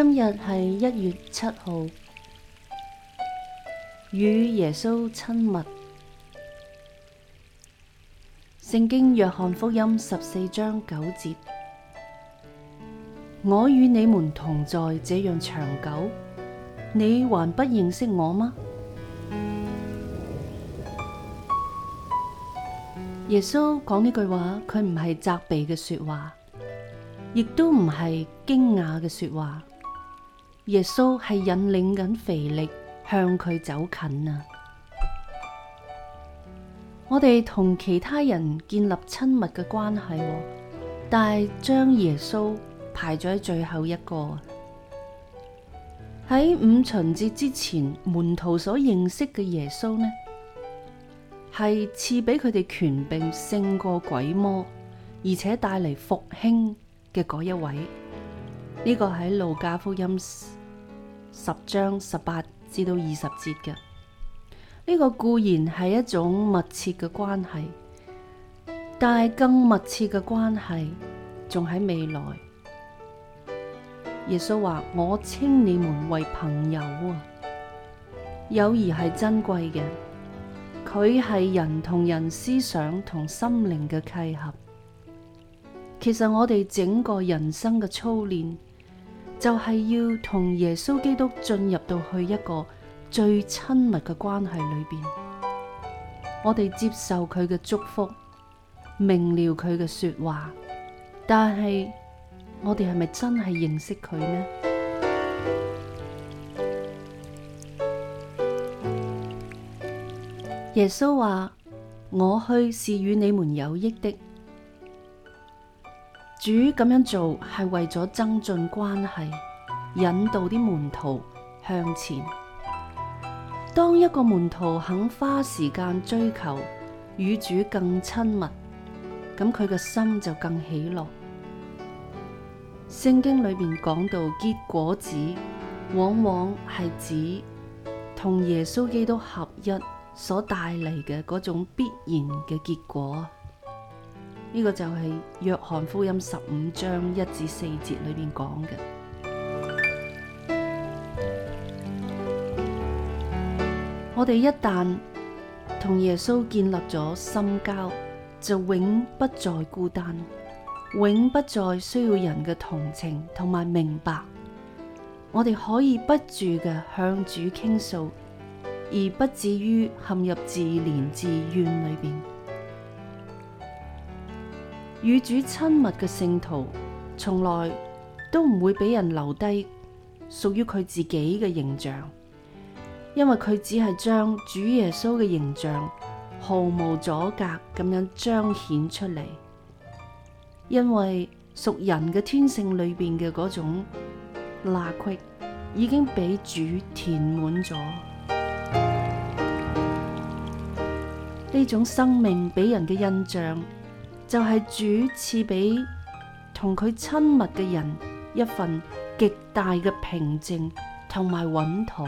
今日係一月七號，與耶穌親密。聖經約翰福音十四章九節：我與你們同在這樣長久，你還不認識我嗎？耶穌講呢句話，佢唔係責備嘅說話，亦都唔係驚訝嘅說話。耶穌係引領緊肥力向佢走近啊！我哋同其他人建立親密嘅關係，但係將耶穌排咗喺最後一個。喺五旬節之前，門徒所認識嘅耶穌呢，係賜俾佢哋權柄勝過鬼魔，而且帶嚟復興嘅嗰一位。呢、這個喺路加福音。十章十八至到二十節嘅。呢個固然係一種密切嘅關係，但係更密切嘅關係仲喺未來。耶穌話：我稱你們為朋友啊！友誼係珍貴嘅，佢係人同人思想同心靈嘅契合。其實我哋整個人生嘅操練。就係要同耶穌基督進入到去一個最親密嘅關係裏邊，我哋接受佢嘅祝福，明了佢嘅說話，但係我哋係咪真係認識佢呢？耶穌話：我去是與你們有益的。主咁樣做係為咗增進關係，引導啲門徒向前。當一個門徒肯花時間追求與主更親密，咁佢嘅心就更喜樂。聖經裏面講到結果子，往往係指同耶穌基督合一所帶嚟嘅嗰種必然嘅結果。呢個就係約翰福音十五章一至四節裏面講嘅。 我哋一旦同耶穌建立咗深交，就永不再孤單，永不再需要人嘅同情同埋明白。我哋可以不住嘅向主傾訴，而不至於陷入自憐自怨裏邊。與主親密嘅聖徒，從來都唔會俾人留低屬於佢自己嘅形象，因為佢只係將主耶穌嘅形象毫無阻隔咁樣彰顯出嚟。因為屬人嘅天性裏邊嘅嗰種罅隙，已經俾主填滿咗。呢種生命俾人嘅印象，就係主賜俾同佢親密嘅人一份極大嘅平靜同埋穩妥。